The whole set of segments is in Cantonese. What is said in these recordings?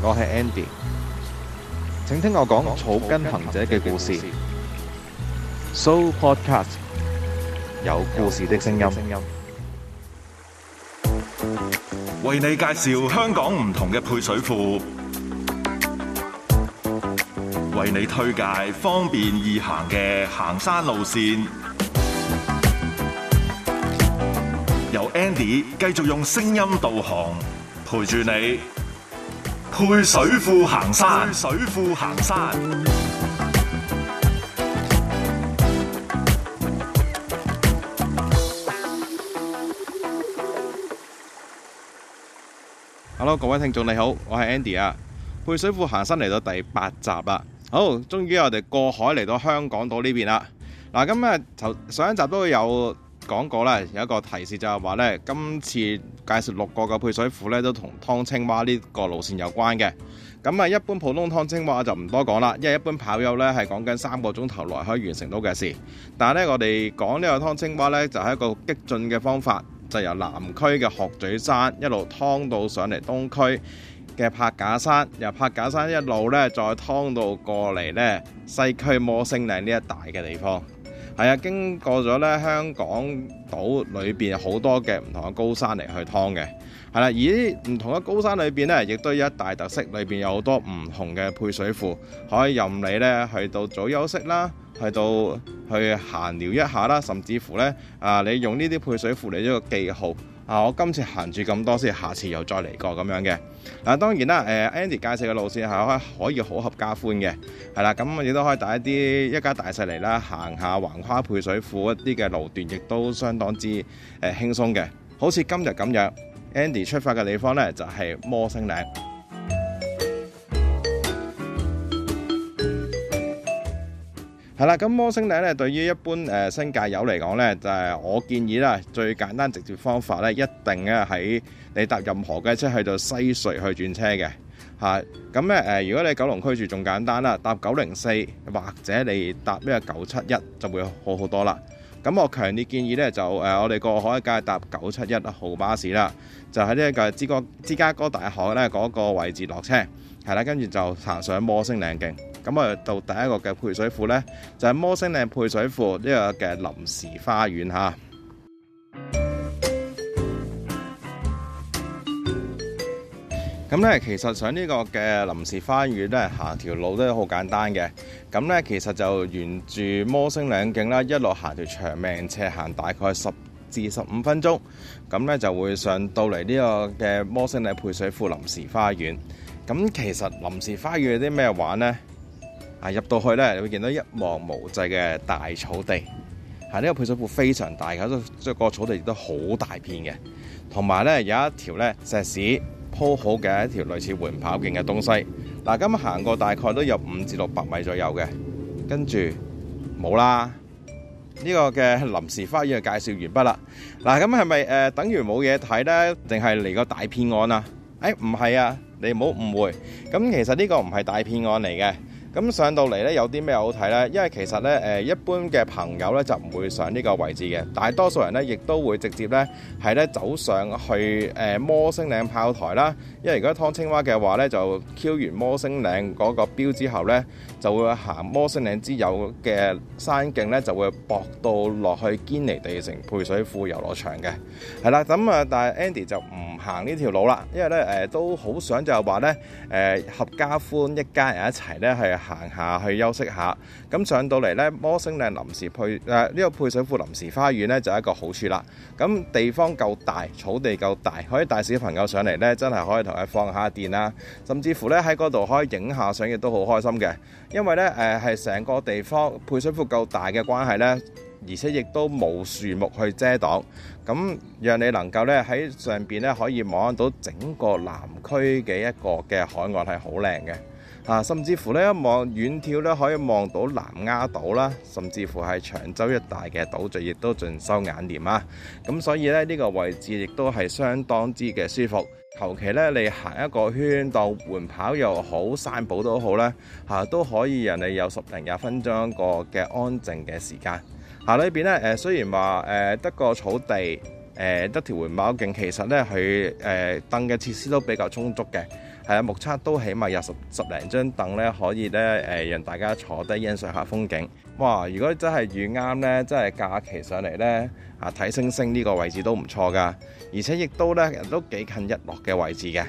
我係 Andy，請聽我講草根行者嘅故事。So Podcast 有故事的聲音，聲音為你介紹香港唔同嘅配水庫，為你推介方便易行嘅行山路線。由 Andy 繼續用聲音導航，陪住你。配水庫行山，配水庫行山。Hello，各位聽眾你好，我係 Andy 啊。配水庫行山嚟到第八集啦，好，終於我哋過海嚟到香港島呢邊啦。嗱，咁啊，就上一集都有講過啦，有一個提示就係話呢，今次。介紹六個嘅配水庫咧，都同湯青蛙呢個路線有關嘅。咁啊，一般普通湯青蛙就唔多講啦，因為一般跑友呢，係講緊三個鐘頭內可以完成到嘅事。但係呢，我哋講呢個湯青蛙呢，就係一個激進嘅方法，就由南區嘅鶴咀山一路湯到上嚟東區嘅柏架山，由柏架山一路呢，再湯到過嚟呢西區摩星嶺呢一帶嘅地方。係啊，經過咗咧香港島裏邊好多嘅唔同嘅高山嚟去劏嘅，係啦、啊，而啲唔同嘅高山裏邊咧，亦都有一大特色，裏邊有好多唔同嘅配水庫，可以任你咧去到早休息啦，去到去閒聊一下啦，甚至乎咧啊，你用呢啲配水庫嚟做記號。啊！我今次行住咁多先，下次又再嚟過咁樣嘅。嗱，當然啦，Andy 介紹嘅路線係可可以好合家歡嘅，係啦。咁我亦都可以帶一啲一家大細嚟啦，行下橫跨配水庫一啲嘅路段，亦都相當之誒輕鬆嘅。好似今日咁樣，Andy 出發嘅地方呢，就係摩星嶺。係啦，咁摩星嶺咧，對於一般誒新界友嚟講咧，就係我建議啦，最簡單直接方法咧，一定咧喺你搭任何嘅車去到西隧去轉車嘅嚇。咁咧誒，如果你九龍區住，仲簡單啦，搭九零四或者你搭咩九七一就會好好多啦。咁我強烈建議咧，就誒我哋過海嘅搭九七一號巴士啦，就喺呢個芝加哥大學咧嗰個位置落車，係啦，跟住就行上摩星嶺徑。咁啊，到第一個嘅配水庫呢，就係摩星嶺配水庫呢個嘅臨時花園吓。咁呢，其實上呢個嘅臨時花園呢，行條路都好簡單嘅。咁呢，其實就沿住摩星嶺徑啦，一路行條長命斜，行大概十至十五分鐘，咁呢，就會上到嚟呢個嘅摩星嶺配水庫臨時花園。咁其實臨時花園有啲咩玩呢？啊！入到去咧，你會見到一望無際嘅大草地。呢個配水庫非常大，咁都即係個草地亦都好大片嘅。同埋咧，有一條咧石屎鋪好嘅一條類似緩跑徑嘅東西。嗱，今日行過大概都有五至六百米左右嘅，跟住冇啦。呢個嘅臨時花園嘅介紹完畢啦。嗱，咁係咪等於冇嘢睇咧？定係嚟個大騙案啊？誒，唔係啊，你唔好誤會。咁其實呢個唔係大騙案嚟嘅。咁上到嚟咧，有啲咩好睇咧？因為其實咧，誒一般嘅朋友咧就唔會上呢個位置嘅。但係多數人咧，亦都會直接咧係咧走上去誒摩、呃、星嶺炮台啦。因為如果劏青蛙嘅話咧，就 q 完摩星嶺嗰個標之後咧，就會行摩星嶺之友嘅山徑咧，就會駁到落去堅尼地城配水庫遊樂場嘅。係啦，咁啊，但係 Andy 就唔行呢條路啦，因為咧，誒、呃、都好想就係話咧，誒、呃、合家歡一家人一齊咧係。行下去休息下，咁上到嚟呢，摩星嶺臨時配，誒呢個配水庫臨時花園呢，就係一個好處啦。咁地方夠大，草地夠大，可以帶小朋友上嚟呢，真係可以同佢放一下電啦。甚至乎呢，喺嗰度可以影下相，亦都好開心嘅。因為呢，誒係成個地方配水庫夠大嘅關係呢，而且亦都冇樹木去遮擋，咁讓你能夠呢，喺上邊呢，可以望到整個南區嘅一個嘅海岸係好靚嘅。啊，甚至乎一望遠眺咧，可以望到南丫島啦，甚至乎係長洲一帶嘅島嶼，亦都盡收眼簾啊！咁所以呢，呢個位置亦都係相當之嘅舒服。求其咧，你行一個圈度緩跑又好、散步都好咧，嚇都可以人哋有十零廿分鐘個嘅安靜嘅時間。嚇裏邊呢，誒雖然話誒得個草地，誒得條緩跑徑，其實呢，佢誒凳嘅設施都比較充足嘅。係啊，目測都起碼有十十零張凳咧，可以咧誒，讓大家坐低欣賞下風景。哇！如果真係遇啱咧，真係假期上嚟咧，啊睇星星呢個位置都唔錯噶，而且亦都咧都幾近日落嘅位置嘅。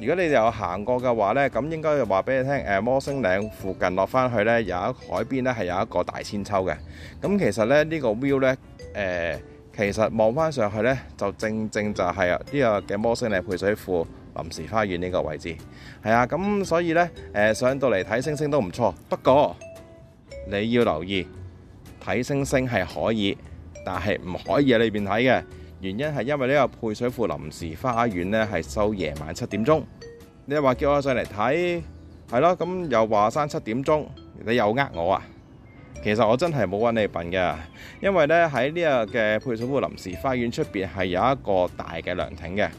如果你哋有行過嘅話咧，咁應該就話俾你聽，誒摩星嶺附近落翻去咧，有一海邊咧係有一個大千秋嘅。咁其實咧呢個 view 咧誒，其實望翻上去咧就正正就係啊呢個嘅摩星嶺配水庫。臨時花園呢個位置係啊，咁所以呢，誒上到嚟，睇星星都唔錯。不過你要留意，睇星星係可以，但係唔可以喺裏邊睇嘅原因係因為呢個配水庫臨時花園呢係收夜晚七點鐘。你話叫我上嚟睇係咯，咁又話生七點鐘，你又呃我啊？其實我真係冇揾你笨嘅，因為呢喺呢個嘅配水庫臨時花園出邊係有一個大嘅涼亭嘅。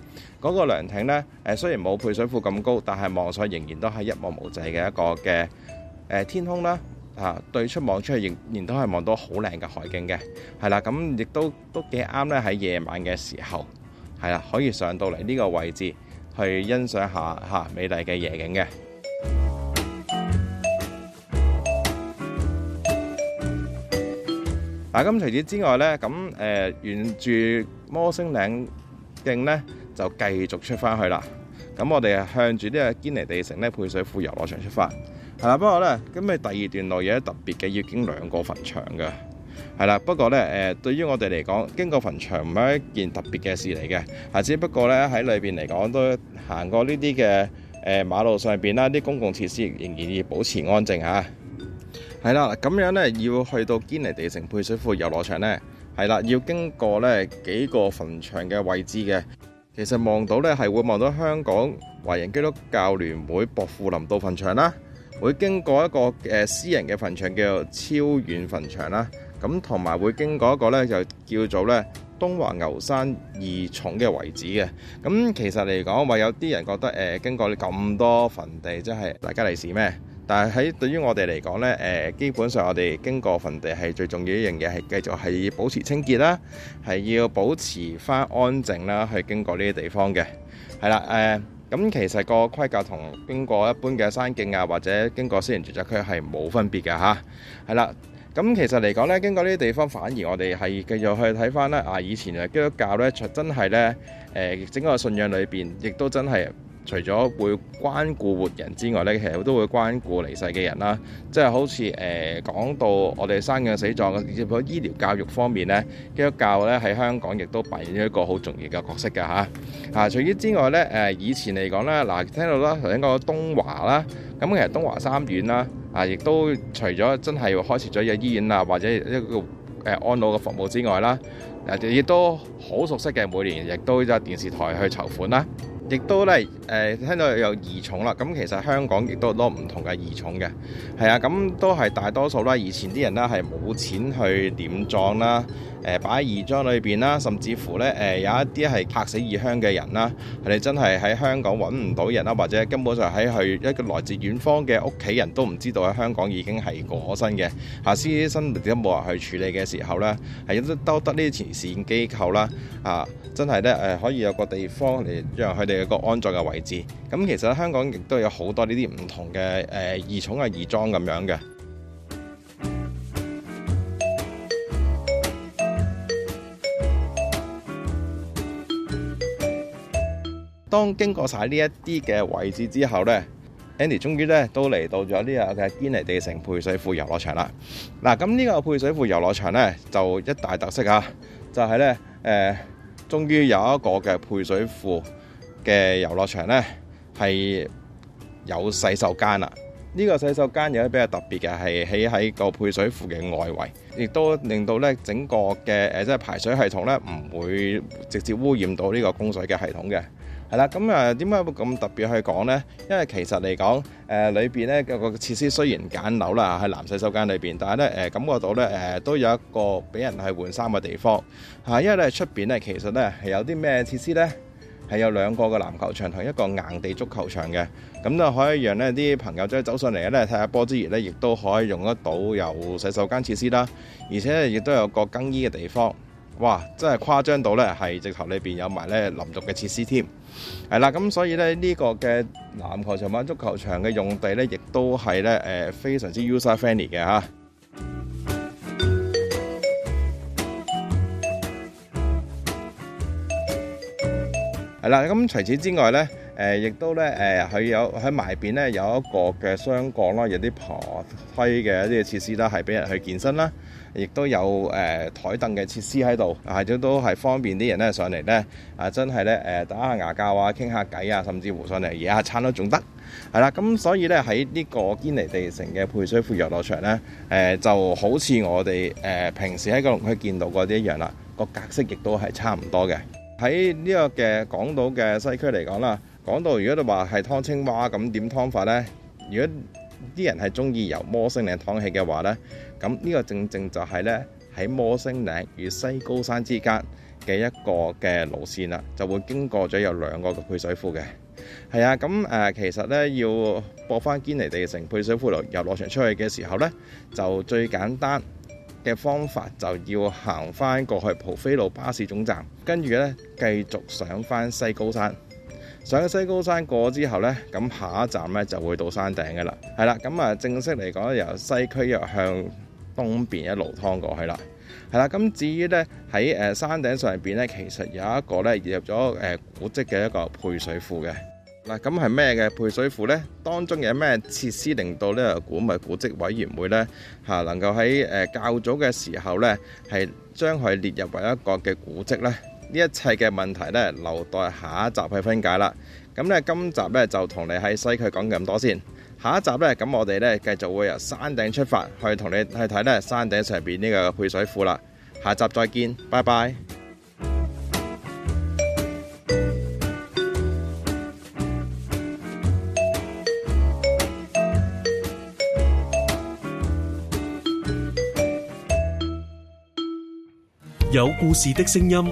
嗰個涼亭呢，誒雖然冇配水庫咁高，但係望上去仍然都係一望無際嘅一個嘅天空啦，嚇對出望出去仍然都係望到好靚嘅海景嘅。係啦，咁亦都都幾啱咧喺夜晚嘅時候，係啦可以上到嚟呢個位置去欣賞下嚇美麗嘅夜景嘅。咁除此之外呢咁誒沿住摩星嶺徑呢，就繼續出返去啦。咁我哋向住呢個堅尼地城呢，配水庫遊樂場出發。係啦。不過呢，今日第二段路有啲特別嘅，要經兩個墳場嘅，係啦。不過呢，對於我哋嚟講，經過墳場唔係一件特別嘅事嚟嘅，啊，只不過呢，喺裏面嚟講都行過呢啲嘅誒馬路上面啦，啲公共設施仍然要保持安靜嚇。係啦，咁樣咧要去到堅尼地城配水庫遊樂場咧，係啦，要經過咧幾個墳場嘅位置嘅。其實望到咧係會望到香港華人基督教聯會薄扶林道墳場啦，會經過一個誒私人嘅墳場叫做超遠墳場啦，咁同埋會經過一個咧就叫做咧東華牛山二重嘅位置嘅。咁其實嚟講，話有啲人覺得誒經過咁多墳地，即係大家利是咩？但係喺對於我哋嚟講呢，誒基本上我哋經過墳地係最重要一樣嘢，係繼續係保持清潔啦，係要保持翻安靜啦，去經過呢啲地方嘅，係啦，誒咁其實個規格同經過一般嘅山徑啊，或者經過私人住宅區係冇分別嘅吓，係啦，咁其實嚟講呢經過呢啲地方反而我哋係繼續去睇翻咧，啊以前誒基督教呢，真真係呢，誒整個信仰裏邊亦都真係。除咗會關顧活人之外咧，其實都會關顧離世嘅人啦。即係好似誒講到我哋生養死葬嘅，如果醫療教育方面咧，基督教咧喺香港亦都扮演咗一個好重要嘅角色㗎吓，啊，除此之外咧，誒、呃、以前嚟講咧，嗱聽到啦，頭先講東華啦，咁其實東華三院啦，啊亦都除咗真係開設咗有醫院啦，或者一個誒、呃、安老嘅服務之外啦，啊亦都好熟悉嘅，每年亦都喺電視台去籌款啦。亦都咧，誒聽到有異寵啦。咁其實香港亦都多唔同嘅異寵嘅，係啊。咁都係大多數啦。以前啲人啦係冇錢去殮葬啦。誒擺喺義莊裏邊啦，甚至乎咧誒有一啲係拍死異鄉嘅人啦，佢哋真係喺香港揾唔到人啦，或者根本上喺去一個來自遠方嘅屋企人都唔知道喺香港已經係過身嘅，嚇屍身都冇人去處理嘅時候咧，係都得呢啲慈善機構啦，啊真係咧誒可以有個地方嚟讓佢哋有個安葬嘅位置。咁其實香港亦都有好多呢啲唔同嘅誒義寵啊義莊咁樣嘅。當經過晒呢一啲嘅位置之後呢 Andy 終於呢都嚟到咗呢個嘅堅尼地城配水庫遊樂場啦。嗱，咁呢個配水庫遊樂場呢就一大特色呀，就係、是、呢，誒、呃，終於有一個嘅配水庫嘅遊樂場呢係有洗手間啦。呢、這個洗手間有啲比較特別嘅係起喺個配水庫嘅外圍，亦都令到呢整個嘅誒即係排水系統呢唔會直接污染到呢個供水嘅系統嘅。係啦，咁啊，點解會咁特別去講呢？因為其實嚟講，誒裏邊呢個個設施雖然簡陋啦，喺男洗手間裏邊，但係呢誒感覺到呢，誒都有一個俾人係換衫嘅地方嚇。因為呢，出邊呢其實呢係有啲咩設施呢？係有兩個嘅籃球場同一個硬地足球場嘅，咁都可以讓呢啲朋友即係走上嚟呢，睇下波之餘呢，亦都可以用得到有洗手間設施啦，而且呢亦都有個更衣嘅地方。哇！真係誇張到呢，係直頭裏邊有埋咧淋浴嘅設施添，係啦咁，所以咧呢、呢個嘅籃球場、足球場嘅用地呢，亦都係咧誒非常之 user friendly 嘅嚇。係啦，咁除此之外呢。誒，亦都咧，誒，佢有喺埋邊咧，有一個嘅雙槓啦，有啲爬梯嘅一啲設施啦，係俾人去健身啦，亦都有誒台凳嘅設施喺度，係都都係方便啲人咧上嚟咧，啊，真係咧誒，打下牙教啊，傾下偈啊，甚至乎上嚟野下餐都仲得，係啦，咁所以咧喺呢個堅尼地城嘅配水庫遊樂場咧，誒就好似我哋誒平時喺個龍區見到嗰啲一樣啦，個格式亦都係差唔多嘅。喺呢個嘅港島嘅西區嚟講啦。講到如果你話係湯青蛙咁點湯法呢？如果啲人係中意由摩星嶺湯起嘅話呢，咁呢個正正就係呢喺摩星嶺與西高山之間嘅一個嘅路線啦，就會經過咗有兩個嘅配水庫嘅。係啊，咁、嗯、誒其實呢，要駁返堅尼地城配水庫路遊樂場出去嘅時候呢，就最簡單嘅方法就要行返過去蒲飛路巴士總站，跟住呢，繼續上返西高山。上西高山過之後呢，咁下一站呢就會到山頂嘅啦。係啦，咁啊正式嚟講，由西區又向東邊一路通過去啦。係啦，咁至於呢，喺誒山頂上邊呢，其實有一個呢列入咗誒古蹟嘅一個配水庫嘅。嗱，咁係咩嘅配水庫呢？當中有咩設施令到呢個古物古蹟委員會呢，嚇能夠喺誒較早嘅時候呢，係將佢列入為一個嘅古蹟呢。呢一切嘅問題呢，留待下一集去分解啦。咁呢，今集呢就同你喺西區講咁多先。下一集呢，咁我哋呢繼續會由山頂出發，去同你去睇呢山頂上邊呢個配水庫啦。下集再見，拜拜。有故事的聲音。